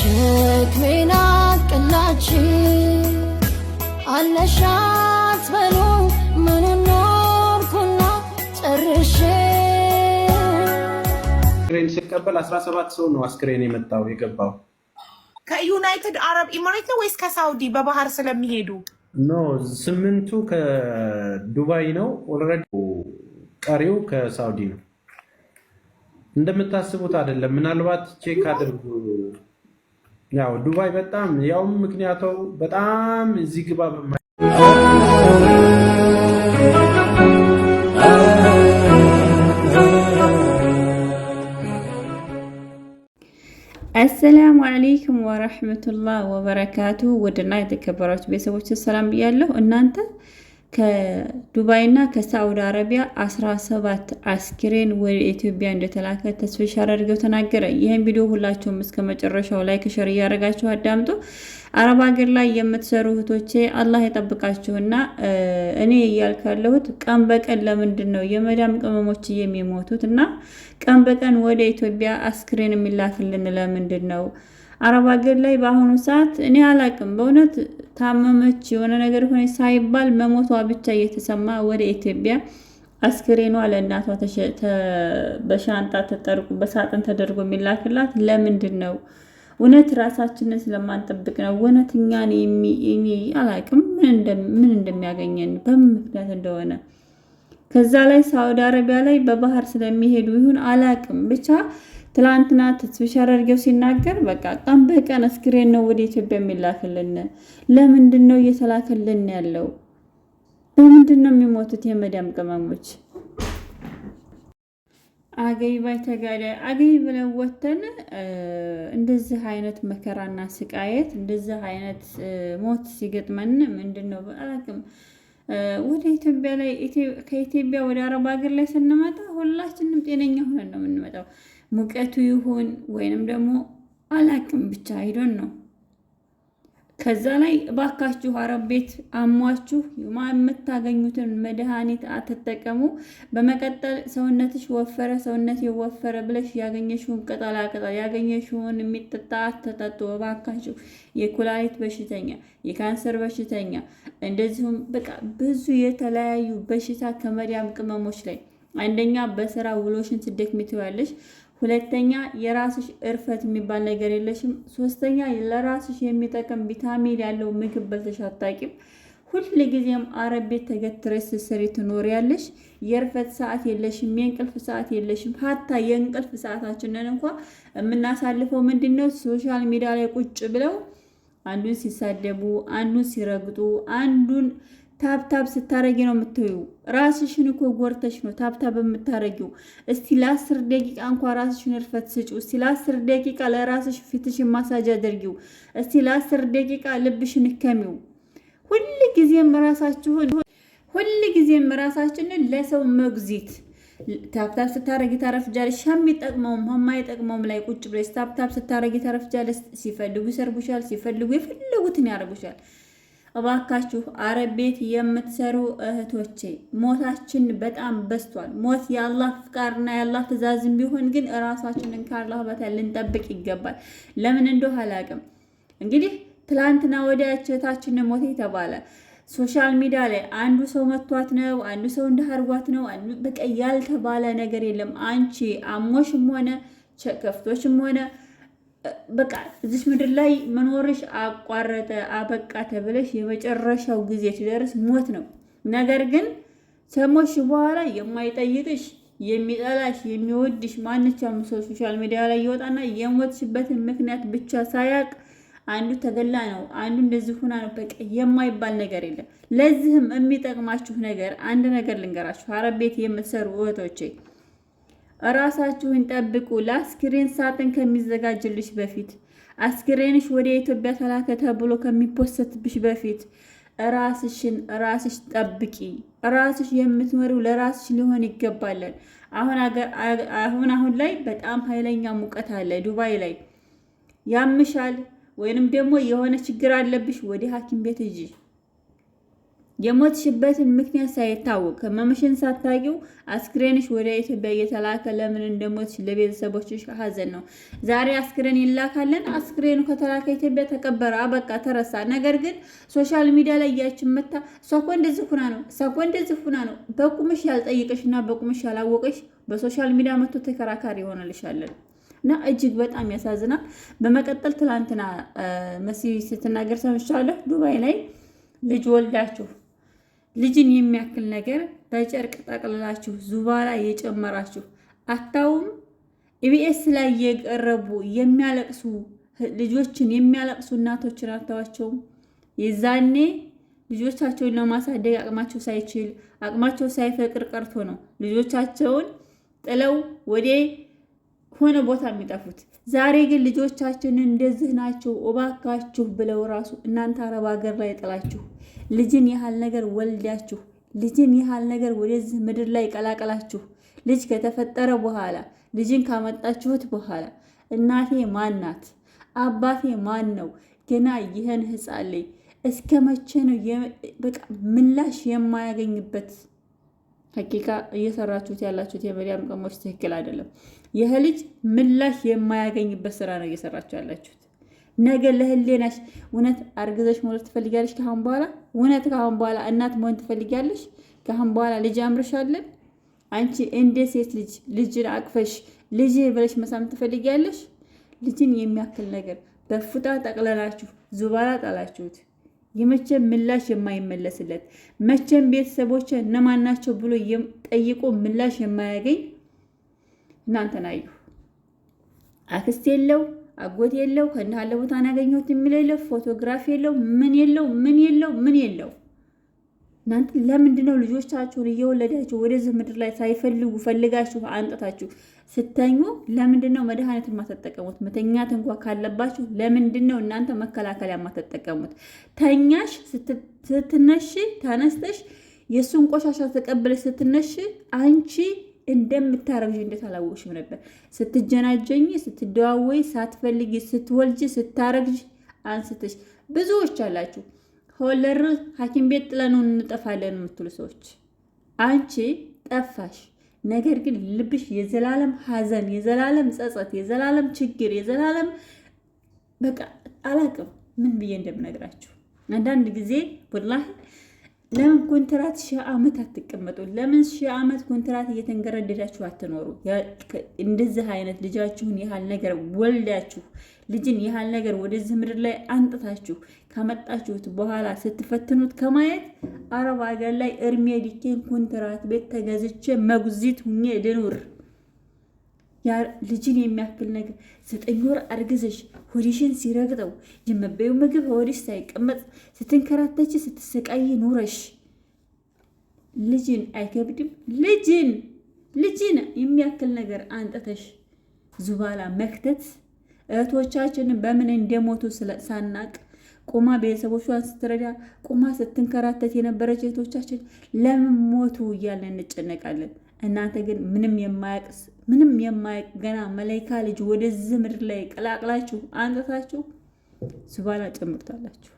ሸክሜን አቅላችን አለሻት በሉ ምኑ ኖርኩና ጨርሼ አስክሬን ሲቀበል አስራ ሰባት ሰው ነው አስክሬን የመጣው የገባው ከዩናይትድ አረብ ኢሚሬት ነው ወይስ ከሳውዲ በባህር ስለሚሄዱ ኖ ስምንቱ ከዱባይ ነው ኦልሬዲ ቀሪው ከሳውዲ ነው እንደምታስቡት አይደለም ምናልባት ቼክ አድርጉ ያው ዱባይ በጣም ያውም ምክንያቱ በጣም እዚህ ግባ አሰላሙ አለይኩም ወረህመቱላህ ወበረካቱ። ውድና የተከበራችሁ ቤተሰቦች ሰላም ብያለሁ። እናንተ ከዱባይና ከሳዑዲ አረቢያ 17 አስክሬን ወደ ኢትዮጵያ እንደተላከ ተስፋ አድርገው ተናገረ። ይህን ቪዲዮ ሁላችሁም እስከ መጨረሻው ላይክ፣ ሸር እያደረጋችሁ አዳምጡ። አረብ ሀገር ላይ የምትሰሩ እህቶቼ አላህ የጠብቃችሁና እኔ እያልኩ ያለሁት ቀን በቀን ለምንድን ነው የመዳም ቅመሞች የሚሞቱት እና ቀን በቀን ወደ ኢትዮጵያ አስክሬን የሚላክልን ለምንድን ነው? አረብ ሀገር ላይ በአሁኑ ሰዓት እኔ አላቅም በእውነት ታመመች፣ የሆነ ነገር ሆነች ሳይባል መሞቷ ብቻ እየተሰማ ወደ ኢትዮጵያ አስክሬኗ ለእናቷ በሻንጣ ተጠርቁ በሳጥን ተደርጎ የሚላክላት ለምንድን ነው? እውነት ራሳችንን ስለማንጠብቅ ነው? እውነት እኛን አላቅም ምን እንደሚያገኘን በምን ምክንያት እንደሆነ ከዛ ላይ ሳውዲ አረቢያ ላይ በባህር ስለሚሄዱ ይሁን አላቅም ብቻ ትላንትና ተስብሻ አድርገው ሲናገር በቃ ቀን በቀን አስክሬን ነው ወደ ኢትዮጵያ የሚላክልን። ለምንድን ነው እየተላከልን ያለው? በምንድን ነው የሚሞቱት የመዳም ቅመሞች? አገይ ባይ ተጋዳይ አገይ ብለን ወተን እንደዚህ አይነት መከራና ስቃየት እንደዚህ አይነት ሞት ሲገጥመን ምንድን ነው አላውቅም። ወደ ኢትዮጵያ ላይ ከኢትዮጵያ ወደ አረብ ሀገር ላይ ስንመጣ ሁላችንም ጤነኛ ሆነን ነው የምንመጣው። ሙቀቱ ይሁን ወይንም ደግሞ አላቅም ብቻ አይዶን ነው። ከዛ ላይ እባካችሁ አረብ ቤት አሟችሁ የምታገኙትን መድኃኒት አትጠቀሙ። በመቀጠል ሰውነትሽ ወፈረ፣ ሰውነት የወፈረ ብለሽ ያገኘሽውን ቅጠላቅጠል ያገኘሽውን የሚጠጣ አትጠጡ እባካችሁ። የኩላሊት በሽተኛ፣ የካንሰር በሽተኛ እንደዚሁም በቃ ብዙ የተለያዩ በሽታ ከመዲያም ቅመሞች ላይ አንደኛ በስራ ውሎሽን ስደክሚ ሁለተኛ የራስሽ እርፈት የሚባል ነገር የለሽም። ሶስተኛ ለራስሽ የሚጠቅም ቪታሚን ያለው ምግብ በልተሽ አታቂም። ሁል ጊዜም አረብ ቤት ተገትረሽ ስትሰሪ ትኖሪያለሽ። የእርፈት ሰዓት የለሽም። የእንቅልፍ ሰዓት የለሽም። ሀታ የእንቅልፍ ሰዓታችንን እንኳ የምናሳልፈው ምንድን ነው? ሶሻል ሚዲያ ላይ ቁጭ ብለው አንዱን ሲሳደቡ፣ አንዱን ሲረግጡ፣ አንዱን ታብታብ ስታረጊ ነው የምትዩ። ራስሽን እኮ ጎርተሽ ነው ታብታብ የምታረጊው። እስቲ ለአስር ደቂቃ እንኳ ራስሽን እርፈት ስጪው። እስቲ ለአስር ደቂቃ ለራስሽ ፊትሽን ማሳጅ አድርጊው። እስቲ ለአስር ደቂቃ ልብሽን እከሚው። ሁል ጊዜም ራሳችሁን ሁል ጊዜም ራሳችንን ለሰው መግዚት ታብታብ ስታረጊ ታረፍጃለሽ። የሚጠቅመውም የማይጠቅመውም ላይ ቁጭ ብለሽ ታብታብ ስታረጊ ታረፍጃለሽ። ሲፈልጉ ይሰርጉሻል፣ ሲፈልጉ የፈለጉትን ያደርጉሻል። እባካችሁ አረብ ቤት የምትሰሩ እህቶቼ ሞታችን በጣም በዝቷል። ሞት የአላህ ፍቃድና የአላህ ትእዛዝም ቢሆን ግን እራሳችንን ከአላህ በታች ልንጠብቅ ይገባል። ለምን እንደው አላውቅም። እንግዲህ ትላንትና ወዲያ እህታችን ሞት የተባለ ሶሻል ሚዲያ ላይ አንዱ ሰው መቷት ነው፣ አንዱ ሰው እንዳርጓት ነው። በቃ ያልተባለ ነገር የለም። አንቺ አሞሽም ሆነ ከፍቶሽም ሆነ በቃ እዚች ምድር ላይ መኖርሽ አቋረጠ አበቃ ተብለሽ የመጨረሻው ጊዜ ትደርስ ሞት ነው። ነገር ግን ከሞትሽ በኋላ የማይጠይቅሽ የሚጠላሽ የሚወድሽ ማንኛውም ሰው ሶሻል ሚዲያ ላይ ይወጣና የሞትሽበትን ምክንያት ብቻ ሳያቅ አንዱ ተገላ ነው፣ አንዱ እንደዚህ ሁና ነው፣ በቃ የማይባል ነገር የለም። ለዚህም የሚጠቅማችሁ ነገር አንድ ነገር ልንገራችሁ፣ አረብ ቤት የምትሰሩ እህቶቼ ራሳችሁን ጠብቁ። ለአስክሬን ሳጥን ከሚዘጋጅልሽ በፊት አስክሬንሽ ወደ ኢትዮጵያ ተላከ ተብሎ ከሚፖሰትብሽ በፊት ራስሽን ራስሽ ጠብቂ። ራስሽ የምትመሪው ለራስሽ ሊሆን ይገባለን። አሁን አሁን ላይ በጣም ኃይለኛ ሙቀት አለ። ዱባይ ላይ ያምሻል ወይንም ደግሞ የሆነ ችግር አለብሽ ወደ ሐኪም ቤት ሂጂ። የሞትሽበትን ምክንያት ሳይታወቅ ህመምሽን ሳታውቂው አስክሬንሽ ወደ ኢትዮጵያ እየተላከ ለምን እንደሞትሽ ለቤተሰቦችሽ ሀዘን ነው። ዛሬ አስክሬን ይላካለን። አስክሬኑ ከተላከ ኢትዮጵያ ተቀበረ፣ አበቃ፣ ተረሳ። ነገር ግን ሶሻል ሚዲያ ላይ እያችን መታ ሰኮ እንደዚህ ሁና ነው፣ ሰኮ እንደዚህ ሁና ነው። በቁምሽ ያልጠይቀሽ እና በቁምሽ ያላወቀሽ በሶሻል ሚዲያ መጥቶ ተከራካሪ ይሆንልሻለን። እና እጅግ በጣም ያሳዝናል። በመቀጠል ትላንትና መሲ ስትናገር ሰምቻለሁ። ዱባይ ላይ ልጅ ወልዳችሁ ልጅን የሚያክል ነገር በጨርቅ ጠቅልላችሁ ዙባላ የጨመራችሁ አታውም? ኢቢኤስ ላይ የቀረቡ የሚያለቅሱ ልጆችን የሚያለቅሱ እናቶችን አታዋቸውም? የዛኔ ልጆቻቸውን ለማሳደግ አቅማቸው ሳይችል አቅማቸው ሳይፈቅድ ቀርቶ ነው ልጆቻቸውን ጥለው ወዴ ሆነ ቦታ የሚጠፉት። ዛሬ ግን ልጆቻችንን እንደዚህ ናቸው እባካችሁ ብለው ራሱ እናንተ አረብ ሀገር ላይ ጥላችሁ ልጅን ያህል ነገር ወልዳችሁ ልጅን ያህል ነገር ወደዚህ ምድር ላይ ቀላቀላችሁ። ልጅ ከተፈጠረ በኋላ ልጅን ካመጣችሁት በኋላ እናቴ ማን ናት? አባቴ ማን ነው? ገና ይህን ህፃን ላይ እስከ መቼ ነው በቃ ምላሽ የማያገኝበት ሀቂቃ እየሰራችሁት ያላችሁት የመዲያም ቅመሞች ትክክል አይደለም። ይህ ልጅ ምላሽ የማያገኝበት ስራ ነው እየሰራችሁ ያላችሁት። ነገ ለህሌናሽ እውነት አርግዘሽ መውለድ ትፈልጊያለሽ? ካሁን በኋላ እውነት ካሁን በኋላ እናት መሆን ትፈልጊያለሽ? ካሁን በኋላ ልጅ አምርሻለን። አንቺ እንደ ሴት ልጅ ልጅን አቅፈሽ ልጅ ብለሽ መሳም ትፈልጊያለሽ? ልጅን የሚያክል ነገር በፉጣ ጠቅለላችሁ ዙባላ ጣላችሁት። የመቼም ምላሽ የማይመለስለት መቼም ቤተሰቦች እነማን ናቸው ብሎ ጠይቆ ምላሽ የማያገኝ እናንተን አዩ። አክስት የለው አጎት የለው ከእንዳለ ቦታ አናገኘሁት የሚለው የለው ፎቶግራፍ የለው ምን የለው ምን የለው ምን የለው እናንተ ለምንድን ነው ልጆቻችሁን እየወለዳችሁ ወደዚህ ምድር ላይ ሳይፈልጉ ፈልጋችሁ አንጠታችሁ ስተኙ ለምንድን ነው መድኃኒትን ማትጠቀሙት? መተኛት እንኳ ካለባችሁ ለምንድን ነው እናንተ መከላከያ ማትጠቀሙት? ተኛሽ ስትነሽ ተነስተሽ የእሱን ቆሻሻ ተቀብለሽ ስትነሽ አንቺ እንደምታረግዥ እንዴት አላወቅሽም ነበር? ስትጀናጀኝ፣ ስትደዋወይ፣ ሳትፈልጊ፣ ስትወልጅ፣ ስታረግዥ አንስተሽ ብዙዎች አላችሁ። ከወለር ሐኪም ቤት ጥለን እንጠፋለን የምትሉ ሰዎች አንቺ ጠፋሽ። ነገር ግን ልብሽ የዘላለም ሐዘን፣ የዘላለም ጸጸት፣ የዘላለም ችግር፣ የዘላለም በቃ አላቅም ምን ብዬ እንደምነግራችሁ አንዳንድ ጊዜ ወላሂ ለምን ኮንትራት ሺህ ዓመት አትቀመጡ? ለምን ሺህ ዓመት ኮንትራት እየተንገረደዳችሁ አትኖሩ? እንደዚህ አይነት ልጃችሁን ያህል ነገር ወልዳችሁ ልጅን ያህል ነገር ወደዚህ ምድር ላይ አንጥታችሁ ከመጣችሁት በኋላ ስትፈትኑት ከማየት አረብ ሀገር ላይ እርሜ ልኬን ኮንትራት ቤት ተገዝቼ መጉዚት ሁኜ ልኑር ልጅን የሚያክል ነገር ዘጠኝ ወር አርግዘሽ ሆዲሽን ሲረግጠው የመበዩ ምግብ ሆዲሽ ሳይቀመጥ ስትንከራተች ስትሰቃይ ኑረሽ ልጅን አይከብድም? ልጅን ልጅን የሚያክል ነገር አንጠተሽ ዙባላ መክተት እህቶቻችንን በምን እንደሞቱ ሳናቅ ቁማ ቤተሰቦቿን ስትረዳ ቁማ ስትንከራተት የነበረች እህቶቻችን ለምን ሞቱ እያለን እንጨነቃለን። እናንተ ግን ምንም የማያቅ ምንም የማያቅ ገና መለይካ ልጅ ወደዚህ ምድር ላይ ቀላቅላችሁ አንጠታችሁ ዙባላ ጨምርታላችሁ።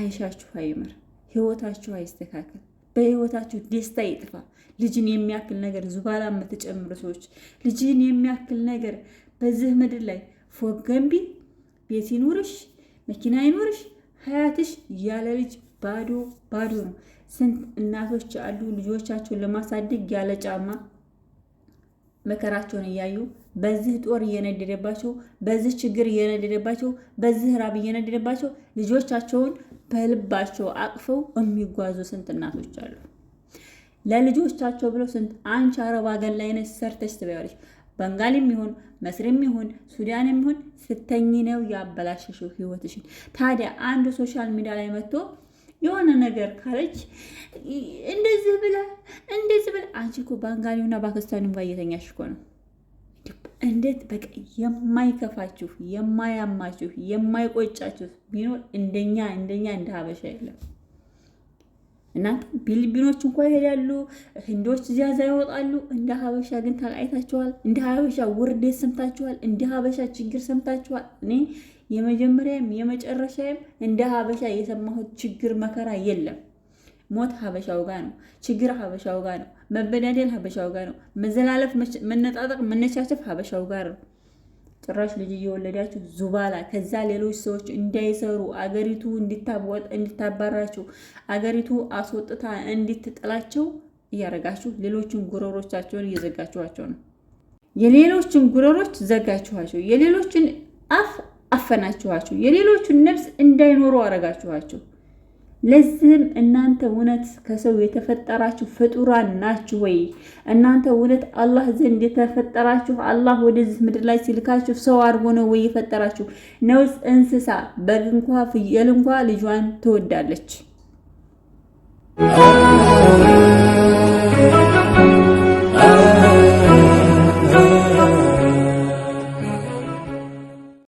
አይሻችሁ አይምር፣ ህይወታችሁ አይስተካከል፣ በህይወታችሁ ደስታ ይጥፋ። ልጅን የሚያክል ነገር ዙባላ የምትጨምሩ ሰዎች፣ ልጅን የሚያክል ነገር በዚህ ምድር ላይ ፎቅ ገንቢ፣ ቤት ይኑርሽ፣ መኪና ይኑርሽ፣ ሀያትሽ ያለ ልጅ ባዶ ባዶ ነው። ስንት እናቶች አሉ ልጆቻቸውን ለማሳደግ ያለ ጫማ መከራቸውን እያዩ በዚህ ጦር እየነደደባቸው፣ በዚህ ችግር እየነደደባቸው፣ በዚህ ራብ እየነደደባቸው ልጆቻቸውን በልባቸው አቅፈው የሚጓዙ ስንት እናቶች አሉ። ለልጆቻቸው ብለው ስንት አንቺ አረብ አገር ላይ ነሽ ሰርተሽ ትበያለሽ። በንጋል የሚሆን መስር የሚሆን ሱዳን የሚሆን ስተኝ ነው ያበላሸሽው ህይወትሽን። ታዲያ አንዱ ሶሻል ሚዲያ ላይ መጥቶ የሆነ ነገር ካለች እንደዚህ ብላ እንደዚህ ብላ አንቺ እኮ በአንጋኒውና በአክስታኒው ጋር እየተኛሽ እኮ ነው። እንዴት በቃ የማይከፋችሁ የማያማችሁ የማይቆጫችሁ ቢኖር እንደኛ እንደኛ እንደ ሀበሻ የለም። እናንተ ፊሊፒኖች እንኳ ይሄዳሉ፣ ህንዶች ዚያዛ ይወጣሉ። እንደ ሀበሻ ግን ተቃይታችኋል። እንደ ሀበሻ ውርዴት ሰምታችኋል። እንደ ሀበሻ ችግር ሰምታችኋል። እኔ የመጀመሪያም የመጨረሻም እንደ ሀበሻ የሰማሁት ችግር መከራ የለም። ሞት ሀበሻው ጋር ነው። ችግር ሀበሻው ጋር ነው። መበዳደል ሀበሻው ጋር ነው። መዘላለፍ፣ መነጣጠቅ፣ መነቻቸፍ ሀበሻው ጋር ነው። ጭራሽ ልጅ እየወለዳችሁ ዙባላ፣ ከዛ ሌሎች ሰዎች እንዳይሰሩ አገሪቱ እንድታባራችሁ አገሪቱ አስወጥታ እንድትጠላቸው እያረጋችሁ ሌሎችን ጉረሮቻቸውን እየዘጋችኋቸው ነው። የሌሎችን ጉረሮች ዘጋችኋቸው። የሌሎችን አፍ አፈናችኋቸው። የሌሎችን ነፍስ እንዳይኖሩ አረጋችኋቸው። ለዚህም እናንተ እውነት ከሰው የተፈጠራችሁ ፍጡራን ናችሁ ወይ? እናንተ እውነት አላህ ዘንድ የተፈጠራችሁ አላህ ወደዚህ ምድር ላይ ሲልካችሁ ሰው አድርጎ ነው ወይ የፈጠራችሁ? ነውስ እንስሳ በግ እንኳ ፍየል እንኳ ልጇን ትወዳለች።